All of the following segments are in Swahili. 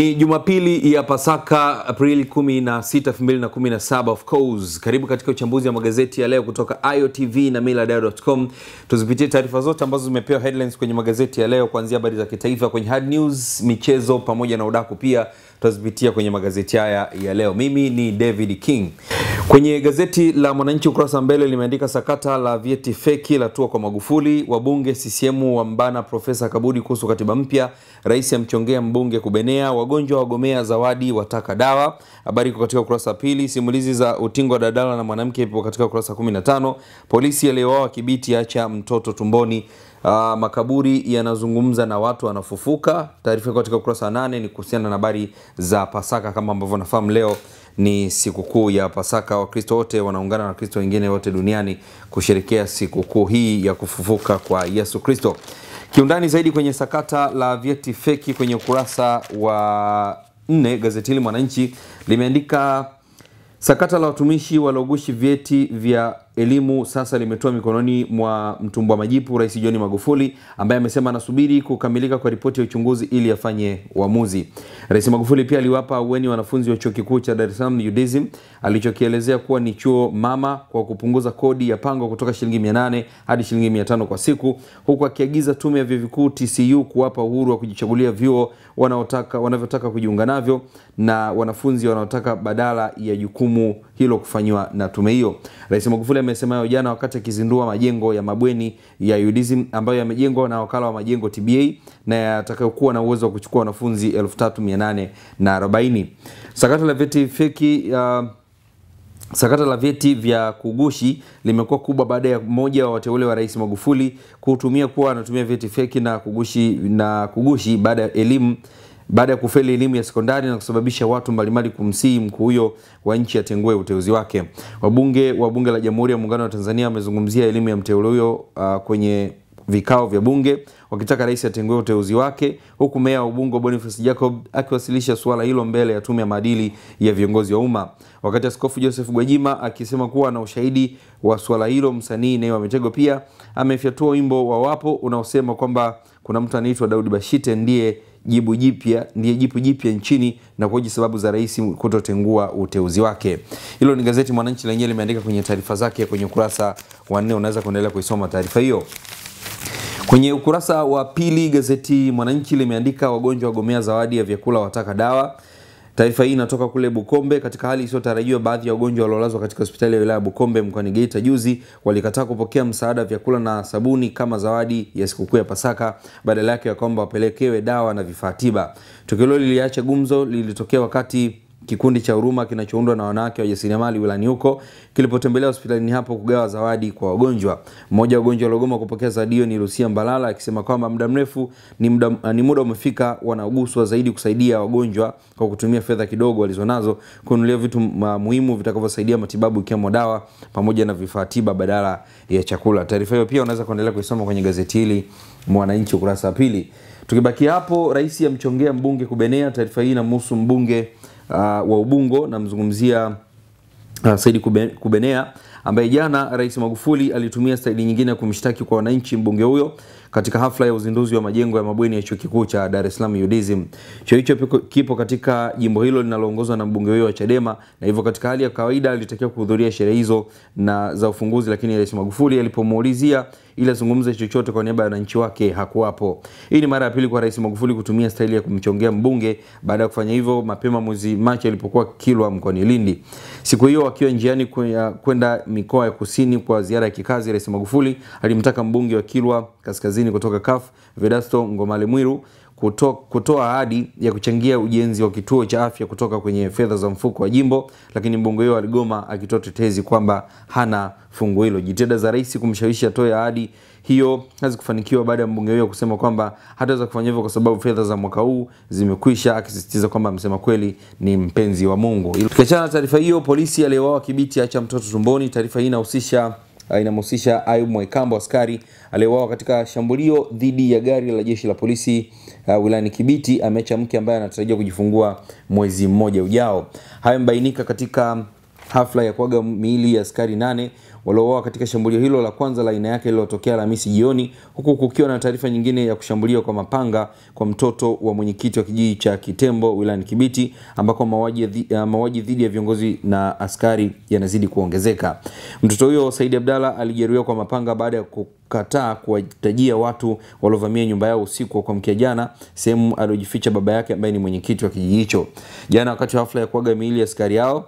Ni Jumapili ya Pasaka, Aprili 16, 2017. Of course, karibu katika uchambuzi wa magazeti ya leo kutoka iotv na millardayo.com. Tuzipitie taarifa zote ambazo zimepewa headlines kwenye magazeti ya leo, kuanzia habari za kitaifa kwenye hard news, michezo pamoja na udaku pia tutazipitia kwenye magazeti haya ya leo. Mimi ni David King. Kwenye gazeti la Mwananchi ukurasa mbele limeandika sakata la vyeti feki la tua kwa Magufuli, wabunge CCM wambana Profesa Kabudi kuhusu katiba mpya, rais amchongea mbunge kubenea, wagonjwa wagomea zawadi wataka dawa. Habari iko katika ukurasa wa pili. Simulizi za utingo wa dadala na mwanamke ipo katika ukurasa 15. Polisi aliyeuawa Kibiti acha mtoto tumboni. Uh, makaburi yanazungumza na watu wanafufuka. Taarifa katika ukurasa wa nane ni kuhusiana na habari za Pasaka. Kama ambavyo nafahamu, leo ni sikukuu ya Pasaka. Wakristo wote wanaungana na Wakristo wengine wote duniani kusherekea sikukuu hii ya kufufuka kwa Yesu Kristo. Kiundani zaidi kwenye sakata la vyeti feki kwenye ukurasa wa nne, gazeti hili Mwananchi limeandika Sakata la watumishi waliogushi vyeti vya elimu sasa limetua mikononi mwa mtumbwa majipu Rais John Magufuli ambaye amesema anasubiri kukamilika kwa ripoti ya uchunguzi ili afanye uamuzi. Rais Magufuli pia aliwapa aweni wanafunzi wa chuo kikuu cha Dar es Salaam UDSM alichokielezea kuwa ni chuo mama kwa kupunguza kodi ya pango kutoka shilingi 800 hadi shilingi 500 kwa siku, huku akiagiza tume ya vyuo vikuu TCU kuwapa uhuru wa kujichagulia vyuo wanaotaka wanavyotaka kujiunga navyo na wanafunzi wanaotaka badala ya jukumu jukumu hilo kufanywa na tume hiyo. Rais Magufuli amesema hayo jana wakati akizindua majengo ya mabweni ya UDSM ambayo yamejengwa na wakala wa majengo TBA na yatakayokuwa na uwezo wa kuchukua wanafunzi 3840. Sakata la vyeti feki uh, Sakata la vyeti vya kugushi limekuwa kubwa baada ya mmoja wa wateule wa Rais Magufuli kutumia kuwa anatumia vyeti feki na kugushi, na kugushi baada ya elimu baada ya kufeli elimu ya sekondari na kusababisha watu mbalimbali kumsihi mkuu huyo wa nchi atengue uteuzi wake. Wabunge wa Bunge la Jamhuri ya Muungano wa Tanzania wamezungumzia elimu ya mteule huyo uh, kwenye vikao vya bunge wakitaka rais atengue uteuzi wake, huku meya wa Ubungo Boniface Jacob akiwasilisha suala hilo mbele ya tume ya maadili ya viongozi wa umma, wakati Askofu Joseph Gwajima akisema kuwa na ushahidi wa suala hilo. Msanii Nay wa Mitego pia amefyatua wimbo wa Wapo unaosema kwamba kuna mtu anaitwa Daudi Bashite ndiye jibu jipya ndiye jibu jipya nchini na kuhoji sababu za rais kutotengua uteuzi wake. Hilo ni gazeti Mwananchi lenyewe limeandika kwenye taarifa zake kwenye ukurasa wa nne. Unaweza kuendelea kuisoma taarifa hiyo. Kwenye ukurasa wa pili, gazeti Mwananchi limeandika wagonjwa wagomea zawadi ya vyakula, wataka dawa Taarifa hii inatoka kule Bukombe. Katika hali isiyotarajiwa, baadhi ya wagonjwa waliolazwa katika hospitali ya wilaya ya Bukombe mkoani Geita juzi walikataa kupokea msaada wa vyakula na sabuni kama zawadi ya sikukuu ya Pasaka, badala yake wakaomba wapelekewe dawa na vifaa tiba. Tukio hilo liliacha gumzo lilitokea wakati Kikundi cha huruma kinachoundwa na wanawake wajasiriamali wilani huko kilipotembelea hospitalini hapo kugawa zawadi kwa wagonjwa. Mmoja wa wagonjwa waliogoma kupokea zawadi hiyo ni Lucia Mbalala akisema kwamba muda mrefu ni muda, ni muda umefika wanaguswa zaidi kusaidia wagonjwa kwa kutumia fedha kidogo walizonazo kununulia vitu muhimu vitakavyosaidia matibabu ikiwemo dawa pamoja na vifaa tiba badala ya chakula. Taarifa hiyo pia unaweza kuendelea kuisoma kwenye gazeti hili Mwananchi ukurasa wa pili. Tukibaki hapo, rais amchongea mbunge kubenea. Taarifa hii inamhusu mbunge uh, wa Ubungo, namzungumzia uh, Saidi Kubenea ambaye jana Rais Magufuli alitumia staili nyingine ya kumshtaki kwa wananchi mbunge huyo katika hafla ya uzinduzi wa majengo ya mabweni ya chuo kikuu cha Dar es Salaam UDSM. Chuo hicho kipo katika jimbo hilo linaloongozwa na mbunge huyo wa Chadema, na hivyo katika hali ya kawaida alitakiwa kuhudhuria sherehe hizo na za ufunguzi, lakini Rais Magufuli alipomuulizia ili azungumze chochote kwa niaba ya wananchi wake hakuwapo. Hii ni mara ya pili kwa Rais Magufuli kutumia staili ya kumchongea mbunge baada ya kufanya hivyo mapema mwezi Machi alipokuwa Kilwa mkoani Lindi. Siku hiyo wakiwa njiani kwenda mikoa ya kusini kwa ziara ya kikazi, Rais Magufuli alimtaka mbunge wa Kilwa Kaskazini kutoka CUF Vedasto Ngomale Mwiru kutoa ahadi ya kuchangia ujenzi wa kituo cha afya kutoka kwenye fedha za mfuko wa jimbo, lakini mbunge huyo aligoma akitoa tetezi kwamba hana fungu hilo. Jitihada za rais kumshawishi atoe ahadi hiyo hazikufanikiwa baada ya mbunge huyo kusema kwamba hataweza kufanya hivyo kwa sababu fedha za mwaka huu zimekwisha, akisisitiza kwamba msema kweli ni mpenzi wa Mungu. Tukiachana na taarifa hiyo, polisi aliyeuawa Kibiti acha mtoto tumboni. Taarifa hii inahusisha inamhusisha Ayub Mwaikambo, askari aliyeuawa katika shambulio dhidi ya gari la jeshi la polisi uh, wilayani Kibiti, ameacha mke ambaye anatarajiwa kujifungua mwezi mmoja ujao. Hayo yamebainika katika hafla ya kuaga miili ya askari nane waliouawa katika shambulio hilo la kwanza la aina yake lililotokea Alhamisi jioni, huku kukiwa na taarifa nyingine ya kushambuliwa kwa mapanga kwa mtoto wa mwenyekiti wa kijiji cha Kitembo wilayani Kibiti, ambako mauaji eh, dhidi ya viongozi na askari yanazidi kuongezeka. Mtoto huyo Saidi Abdalla alijeruhiwa kwa mapanga baada ya kataa kuwatajia watu waliovamia nyumba yao usiku wa kuamkia jana, sehemu aliojificha baba yake ambaye ni mwenyekiti wa kijiji hicho. Jana wakati wa hafla ya kuaga miili ya askari yao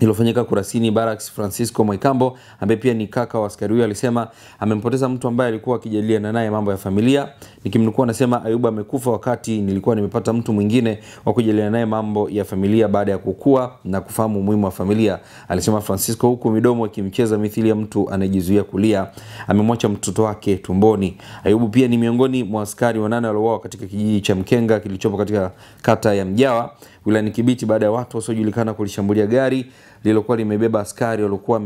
iliyofanyika Kurasini. Barracks Francisco Mwaikambo ambaye pia ni kaka wa askari huyo alisema amempoteza mtu ambaye alikuwa akijadiliana naye mambo ya familia. Nikimnukuu anasema Ayubu amekufa wakati nilikuwa nimepata mtu mwingine wa kujadiliana naye mambo ya familia baada ya kukua na kufahamu umuhimu wa familia, alisema Francisco, huku midomo ikimcheza mithili ya mtu anayejizuia kulia. Amemwacha mtoto wake tumboni. Ayubu pia ni miongoni mwa askari wanane waliouawa katika kijiji cha Mkenga kilichopo katika kata ya Mjawa wilayani Kibiti baada ya watu wasiojulikana kulishambulia gari lililokuwa limebeba askari waliokuwa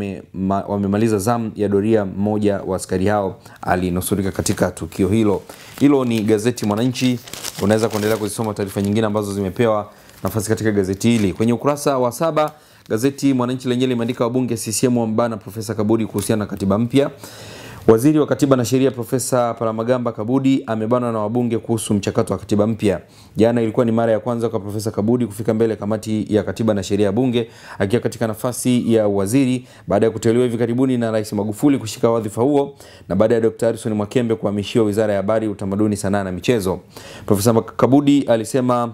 wamemaliza zamu ya doria. Mmoja wa askari hao alinusurika katika tukio hilo. Hilo ni gazeti Mwananchi. Unaweza kuendelea kuzisoma taarifa nyingine ambazo zimepewa nafasi katika gazeti hili. Kwenye ukurasa wa saba, gazeti Mwananchi lenyewe limeandika wabunge CCM wambana Profesa Kabudi kuhusiana na katiba mpya. Waziri wa Katiba na Sheria Profesa Palamagamba Kabudi amebanwa na wabunge kuhusu mchakato wa katiba mpya. Jana ilikuwa ni mara ya kwanza kwa Profesa Kabudi kufika mbele kamati ya Katiba na Sheria ya Bunge akiwa katika nafasi ya waziri baada ya kuteuliwa hivi karibuni na Rais Magufuli kushika wadhifa huo na baada ya Dr. Harrison mwakembe kuhamishiwa Wizara ya Habari, Utamaduni, Sanaa na Michezo. Profesa Kabudi alisema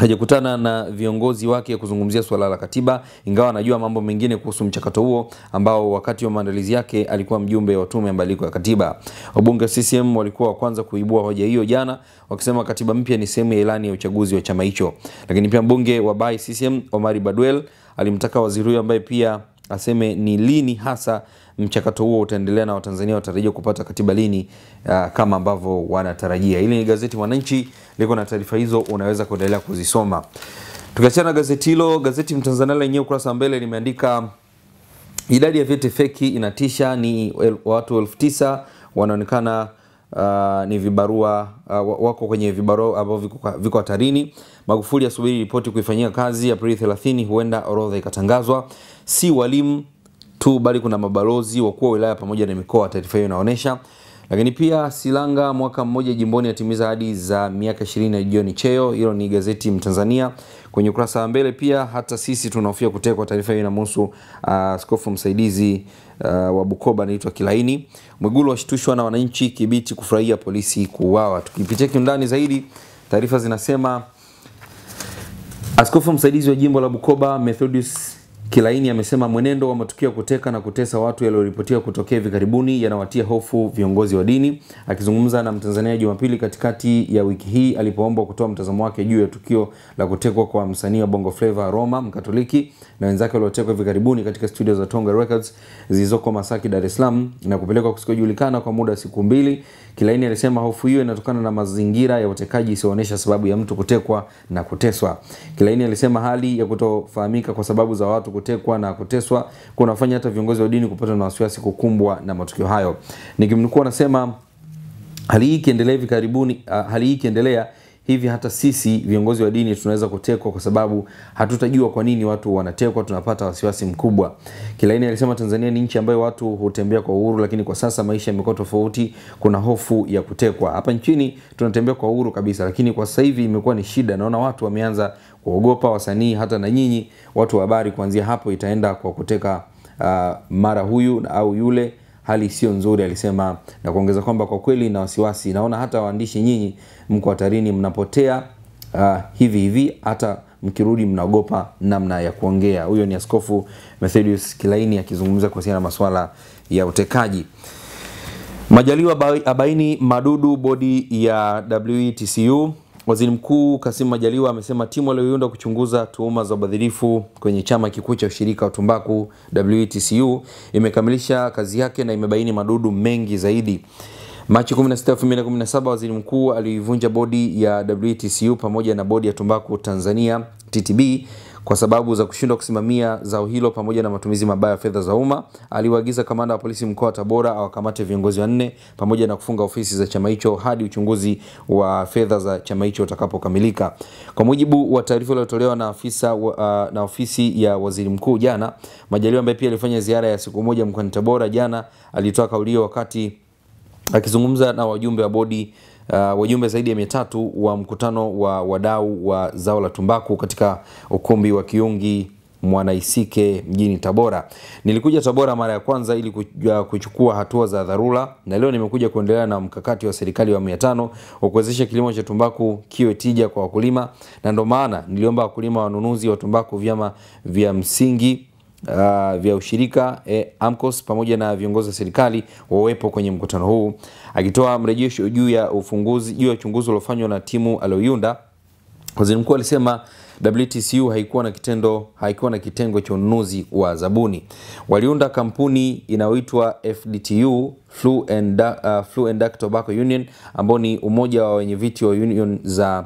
hajakutana na viongozi wake kuzungumzia suala la katiba, ingawa anajua mambo mengine kuhusu mchakato huo ambao wakati wa maandalizi yake alikuwa mjumbe wa tume ya mabadiliko ya katiba. Wabunge wa CCM walikuwa wa kwanza kuibua hoja hiyo jana, wakisema katiba mpya ni sehemu ya ilani ya uchaguzi wa chama hicho. Lakini pia mbunge wa Bai CCM Omari Badwel alimtaka waziri huyo ambaye pia aseme ni lini hasa mchakato huo utaendelea na Watanzania watarajia kupata katiba lini, uh, kama ambavyo wanatarajia. Hili ni gazeti Mwananchi, liko na taarifa hizo, unaweza kuendelea kuzisoma. Tukiachana na gazeti hilo, gazeti Mtanzania lenyewe ukurasa wa mbele limeandika idadi ya vyeti feki inatisha, ni watu elfu tisa wanaonekana uh, ni vibarua uh, wako kwenye vibarua ambao viko, viko hatarini. Magufuli asubiri ripoti kuifanyia kazi Aprili 30, huenda orodha ikatangazwa. Si walimu tu bali kuna mabalozi, wakuu wa wilaya pamoja na mikoa, taarifa hiyo inaonyesha. Lakini pia Silanga mwaka mmoja jimboni atimiza hadi za miaka 20 na jioni cheo, hilo ni gazeti Mtanzania. Kwenye ukurasa wa mbele pia hata sisi tunahofia kutekwa, taarifa hiyo inamhusu uh, askofu msaidizi uh, wa Bukoba anaitwa Kilaini. Mwigulu washtushwa na wananchi Kibiti kufurahia polisi kuuawa. Tukipitia kiundani zaidi, taarifa zinasema askofu msaidizi wa jimbo la Bukoba Methodius Kilaini amesema mwenendo wa matukio ya kuteka na kutesa watu yaliyoripotiwa kutokea hivi karibuni yanawatia hofu viongozi wa dini. Akizungumza na Mtanzania Jumapili katikati ya wiki hii alipoombwa kutoa mtazamo wake juu ya tukio la kutekwa kwa msanii wa Bongo Flava Roma Mkatoliki na wenzake waliotekwa hivi karibuni katika studio za Tonga Records zilizoko Masaki, Dar es Salaam na kupelekwa kusikojulikana kwa muda siku mbili. Kilaini alisema hofu hiyo inatokana na mazingira ya utekaji isiyoonyesha sababu ya mtu kutekwa na kuteswa. Kilaini alisema hali ya kutofahamika kwa sababu za watu kutekwa na kuteswa kunafanya hata viongozi wa dini kupata na wasiwasi kukumbwa na matukio hayo. Nikimnukuu anasema hali hii ikiendelea hivi karibuni, uh, hali hii ikiendelea hivi hata sisi viongozi wa dini tunaweza kutekwa kwa sababu hatutajua kwa nini watu wanatekwa, tunapata wasiwasi mkubwa. Kilaini alisema Tanzania ni nchi ambayo watu hutembea kwa uhuru, lakini kwa sasa maisha yamekuwa tofauti, kuna hofu ya kutekwa. Hapa nchini tunatembea kwa uhuru kabisa, lakini kwa sasa hivi imekuwa ni shida. Naona watu wameanza kuogopa wasanii hata na nyinyi watu wa habari kuanzia hapo itaenda kwa kuteka uh, mara huyu au yule hali sio nzuri alisema na kuongeza kwamba kwa kweli na wasiwasi naona hata waandishi nyinyi mko hatarini mnapotea uh, hivi hivi hata mkirudi mnaogopa namna ya kuongea huyo ni askofu methodius kilaini akizungumza kuhusiana na masuala ya utekaji majaliwa abaini madudu bodi ya wetcu Waziri Mkuu Kassim Majaliwa amesema timu aliyoiunda kuchunguza tuhuma za ubadhirifu kwenye chama kikuu cha ushirika wa tumbaku WTCU e imekamilisha kazi yake na imebaini madudu mengi zaidi. Machi 16, 2017 waziri mkuu aliivunja bodi ya WTCU e pamoja na bodi ya tumbaku Tanzania TTB kwa sababu za kushindwa kusimamia zao hilo pamoja na matumizi mabaya ya fedha za umma. Aliwaagiza kamanda wa polisi mkoa wa Tabora awakamate viongozi wanne pamoja na kufunga ofisi za chama hicho hadi uchunguzi wa fedha za chama hicho utakapokamilika. Kwa mujibu wa taarifa iliyotolewa na afisa uh, na ofisi ya waziri mkuu jana, Majaliwa ambaye pia alifanya ziara ya siku moja mkoani Tabora jana alitoa kauli hiyo wakati akizungumza na wajumbe wa bodi uh, wajumbe zaidi ya mia tatu wa mkutano wa wadau wa zao la tumbaku katika ukumbi wa Kiungi Mwanaisike mjini Tabora. Nilikuja Tabora mara ya kwanza ili uh, kuchukua hatua za dharura, na leo nimekuja kuendelea na mkakati wa serikali wa mia tano wa kuwezesha kilimo cha tumbaku kiwe tija kwa wakulima, na ndio maana niliomba wakulima wanunuzi wa tumbaku vyama vya msingi uh, vya ushirika eh, AMCOS pamoja na viongozi wa serikali wawepo kwenye mkutano huu. Akitoa mrejesho juu ya ufunguzi juu ya uchunguzi uliofanywa na timu aliyounda. waziri mkuu alisema WTCU haikuwa na kitendo haikuwa na kitengo cha ununuzi wa zabuni. Waliunda kampuni inayoitwa FDTU Flu and, uh, Flu and Duct Tobacco Union ambao ni umoja wa wenyeviti wa union za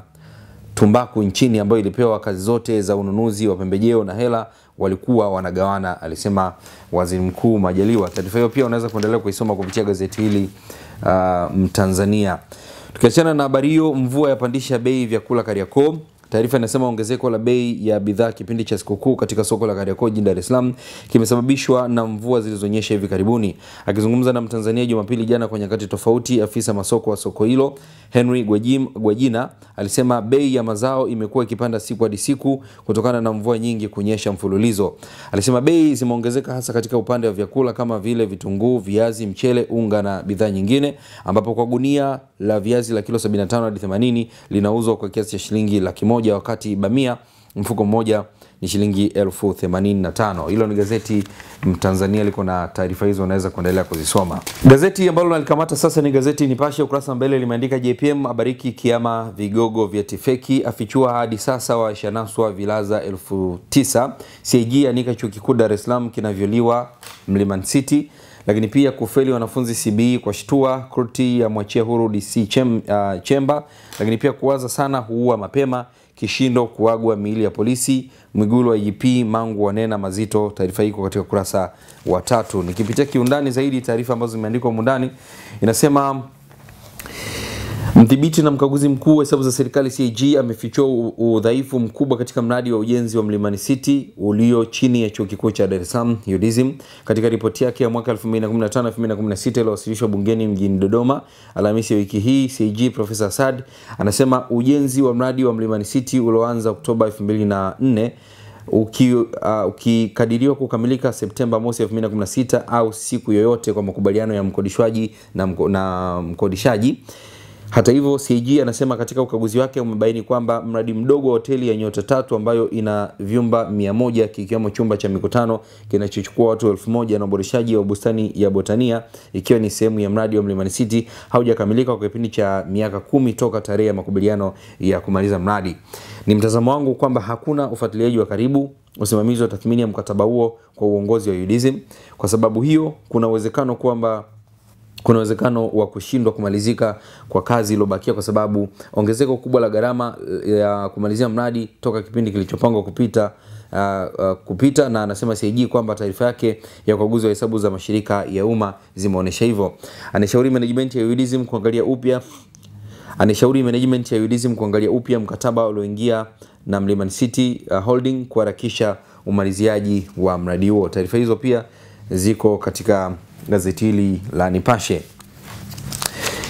tumbaku nchini ambayo ilipewa kazi zote za ununuzi wa pembejeo na hela walikuwa wanagawana, alisema Waziri Mkuu Majaliwa. Taarifa hiyo pia unaweza kuendelea kuisoma kupitia gazeti hili uh, Mtanzania. Tukiachana na habari hiyo, mvua yapandisha bei vyakula Kariakoo. Taarifa inasema ongezeko la bei ya bidhaa kipindi cha sikukuu katika soko la Kariakoo jijini Dar es Salaam kimesababishwa na mvua zilizonyesha hivi karibuni. Akizungumza na Mtanzania Jumapili jana kwa nyakati tofauti, afisa masoko wa soko hilo Henry Gwajim, Gwajina alisema bei ya mazao imekuwa ikipanda siku hadi siku kutokana na mvua nyingi kunyesha mfululizo. Alisema bei zimeongezeka hasa katika upande wa vyakula kama vile vitunguu, viazi, mchele, unga na bidhaa nyingine, ambapo kwa gunia la viazi la kilo 75 hadi 80 linauzwa kwa kiasi cha shilingi laki moja moja wakati bamia mfuko mmoja ni shilingi elfu themanini na tano. Hilo ni gazeti Mtanzania liko na taarifa hizo, unaweza kuendelea kuzisoma. Gazeti ambalo nalikamata sasa ni gazeti Nipashe, ukurasa mbele limeandika JPM abariki kiama vigogo vya tifeki, afichua hadi sasa waishanaswa vilaza elfu tisa. CAG anika chuo kikuu Dar es Salaam kinavyoliwa Mliman City lakini pia kufeli wanafunzi CBE kwa shtua, kruti ya mwachia huru DC chem, uh, Chemba, lakini pia kuwaza sana huua mapema kishindo kuagwa miili ya polisi. Mwigulu wa IGP Mangu wanena mazito. Taarifa hii iko katika kurasa wa tatu. Nikipitia kiundani zaidi taarifa ambazo zimeandikwa mundani, inasema Mdhibiti na mkaguzi mkuu wa hesabu za serikali CAG amefichua udhaifu mkubwa katika mradi wa ujenzi wa Mlimani City ulio chini ya Chuo Kikuu cha Dar es Salaam UDSM katika ripoti yake ya mwaka 2015 2016 iliyowasilishwa bungeni mjini Dodoma Alhamisi ya wiki hii. CAG Profesa Assad anasema ujenzi wa mradi wa Mlimani City ulioanza Oktoba 2004 uh, ukikadiriwa uh, uki kukamilika Septemba mosi 2016 au siku yoyote kwa makubaliano ya mkodishwaji na, mko, na mkodishaji hata hivyo, CAG anasema katika ukaguzi wake umebaini kwamba mradi mdogo wa hoteli ya nyota tatu ambayo ina vyumba mia moja kikiwemo chumba cha mikutano kinachochukua watu elfu moja na uboreshaji wa bustani ya Botania ikiwa ni sehemu ya mradi wa Mlimani City haujakamilika kwa kipindi cha miaka kumi toka tarehe ya makubaliano ya kumaliza mradi. Ni mtazamo wangu kwamba hakuna ufuatiliaji wa karibu usimamizi wa tathmini ya mkataba huo kwa uongozi wa UDSM. Kwa sababu hiyo, kuna uwezekano kwamba kuna uwezekano wa kushindwa kumalizika kwa kazi iliyobakia kwa sababu ongezeko kubwa la gharama eh, ya kumalizia mradi toka kipindi kilichopangwa kupita Uh, uh, kupita na anasema CAG kwamba taarifa yake ya ukaguzi wa hesabu za mashirika ya umma zimeonyesha hivyo. Anashauri management ya UDSM kuangalia upya anashauri management ya UDSM kuangalia upya mkataba ulioingia na Mlimani City uh, Holding kuharakisha umaliziaji wa mradi huo. Taarifa hizo pia ziko katika gazeti hili la Nipashe.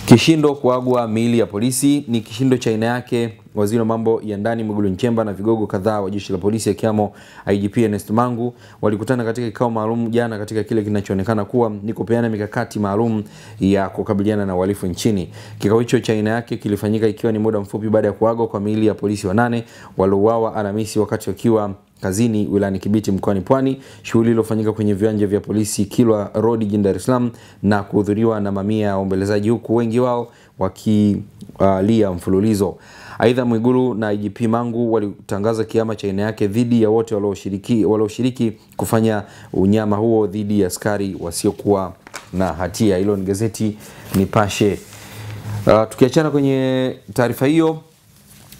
Kishindo kuagwa miili ya polisi ni kishindo cha aina yake. Waziri wa mambo ya ndani Mwigulu Nchemba na vigogo kadhaa wa jeshi la polisi akiwamo IGP Ernest Mangu walikutana katika kikao maalum jana katika kile kinachoonekana kuwa ni kupeana mikakati maalum ya kukabiliana na uhalifu nchini. Kikao hicho cha aina yake kilifanyika ikiwa ni muda mfupi baada ya kuagwa kwa miili ya polisi wanane waliouawa Alhamisi wakati wakiwa Kazini wilayani Kibiti mkoani Pwani. Shughuli iliyofanyika kwenye viwanja vya polisi Kilwa Road jijini Dar es Salaam na kuhudhuriwa na mamia ya waombolezaji huku wengi wao wakilia uh, mfululizo. Aidha, Mwigulu na IGP Mangu walitangaza kiama cha aina yake dhidi ya wote walioshiriki walioshiriki kufanya unyama huo dhidi ya askari wasiokuwa na hatia. Hilo ni gazeti Nipashe. Uh, tukiachana kwenye taarifa hiyo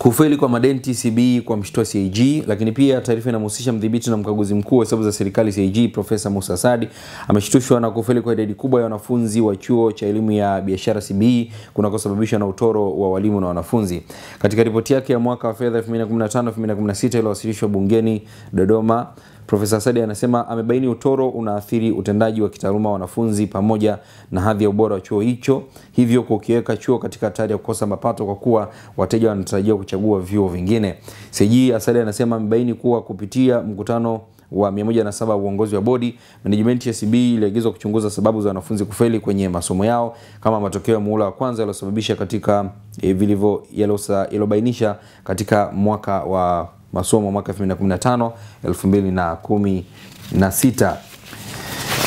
Kufeli kwa madeni TCB kwa mshtua CAG, lakini pia taarifa inamhusisha mdhibiti na mkaguzi mkuu wa hesabu za serikali CAG Profesa Musa sadi ameshtushwa na kufeli kwa idadi kubwa ya wanafunzi wa chuo cha elimu ya biashara CBE kunakosababishwa na utoro wa walimu na wanafunzi. Katika ripoti yake ya mwaka wa fedha 2015-2016 iliyowasilishwa bungeni Dodoma Profesa Sadi anasema amebaini utoro unaathiri utendaji wa kitaaluma wanafunzi pamoja na hadhi ya ubora wa chuo hicho, hivyo kukiweka chuo katika hatari ya kukosa mapato kwa kuwa wateja wanatarajiwa kuchagua vyuo vingine. Seji Asadi anasema amebaini kuwa kupitia mkutano wa 107 uongozi wa bodi, management ya CB iliagizwa kuchunguza sababu za wanafunzi kufeli kwenye masomo yao kama matokeo ya muhula wa kwanza yaliyosababisha katika e, vilivyo yaliyobainisha katika mwaka wa masomo mwaka 2015 2016.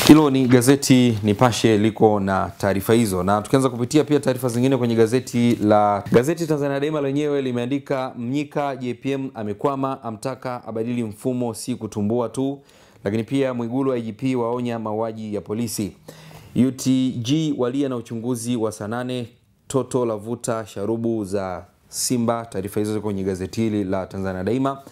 Hilo ni gazeti Nipashe liko na taarifa hizo, na tukianza kupitia pia taarifa zingine kwenye gazeti la gazeti Tanzania Daima lenyewe limeandika Mnyika, JPM amekwama, amtaka abadili mfumo, si kutumbua tu. Lakini pia Mwigulu IGP waonya mauaji ya polisi, UTG walia na uchunguzi wa sanane, toto la vuta sharubu za Simba. Taarifa hizo kwenye gazeti hili la Tanzania Daima.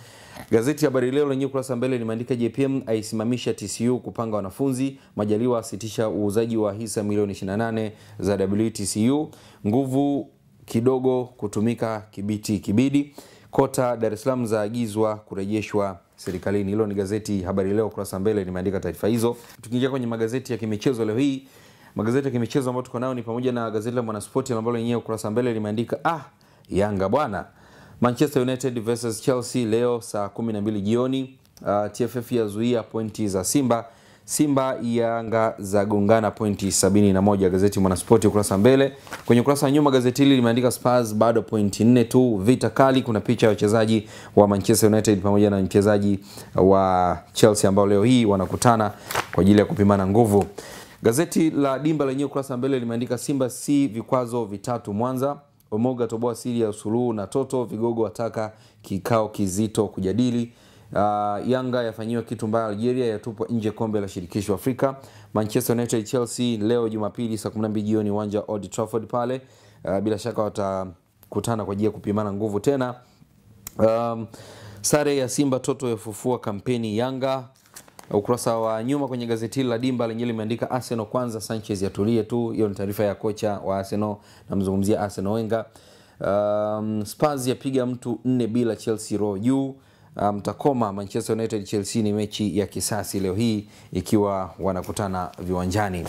Gazeti Habari Leo lenye ukurasa mbele limeandika JPM aisimamisha TCU kupanga wanafunzi, Majaliwa asitisha uuzaji wa hisa milioni 28 za WTCU, nguvu kidogo kutumika Kibiti Kibidi, kota Dar es Salaam zaagizwa kurejeshwa serikalini. Hilo ni gazeti Habari Leo kurasa mbele limeandika taarifa hizo. Tukiingia kwenye magazeti ya kimichezo leo hii, magazeti ya kimichezo ambayo tuko nayo ni pamoja na gazeti la Mwanaspoti ambalo lenyewe ukurasa mbele limeandika ah, Yanga bwana. Manchester United versus Chelsea leo saa 12 jioni. Uh, ah, TFF yazuia pointi za Simba. Simba Yanga zagongana pointi 71. Gazeti Mwanaspoti ukurasa mbele. Kwenye ukurasa wa nyuma gazeti hili limeandika Spurs bado pointi 4 tu, vita kali. Kuna picha ya wachezaji wa Manchester United pamoja na mchezaji wa Chelsea ambao leo hii wanakutana kwa ajili ya kupimana nguvu. Gazeti la Dimba lenyewe ukurasa mbele limeandika Simba si vikwazo vitatu Mwanza. Omoga toboa siri ya usuluhu na Toto, vigogo wataka kikao kizito kujadili. Uh, Yanga yafanyiwa kitu mbaya Algeria, yatupwa nje kombe la shirikisho Afrika. Manchester United Chelsea leo Jumapili saa 12 jioni uwanja Old Trafford pale. Uh, bila shaka watakutana kwa ajili ya kupimana nguvu tena. Um, sare ya Simba Toto yafufua kampeni Yanga. Ukurasa wa nyuma kwenye gazeti hili la Dimba lenyewe limeandika Arsenal kwanza, Sanchez yatulie tu. Hiyo ni taarifa ya kocha wa Arsenal, namzungumzia Arsenal Wenger. Um, Spurs yapiga mtu nne bila Chelsea roho juu. Mtakoma um, Manchester United Chelsea ni mechi ya kisasi leo hii ikiwa wanakutana viwanjani.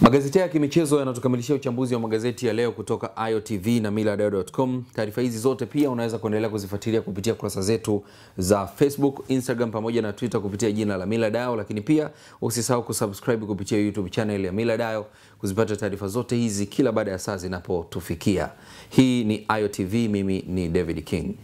Magazeti ya kimichezo yanatukamilishia uchambuzi wa magazeti ya leo kutoka iotv na millardayo.com. Taarifa hizi zote pia unaweza kuendelea kuzifuatilia kupitia kurasa zetu za Facebook, Instagram pamoja na Twitter kupitia jina la Millard lakini pia usisahau kusubscribe kupitia YouTube channel ya Millard kuzipata taarifa zote hizi kila baada ya saa zinapotufikia. Hii ni iotv mimi ni David King.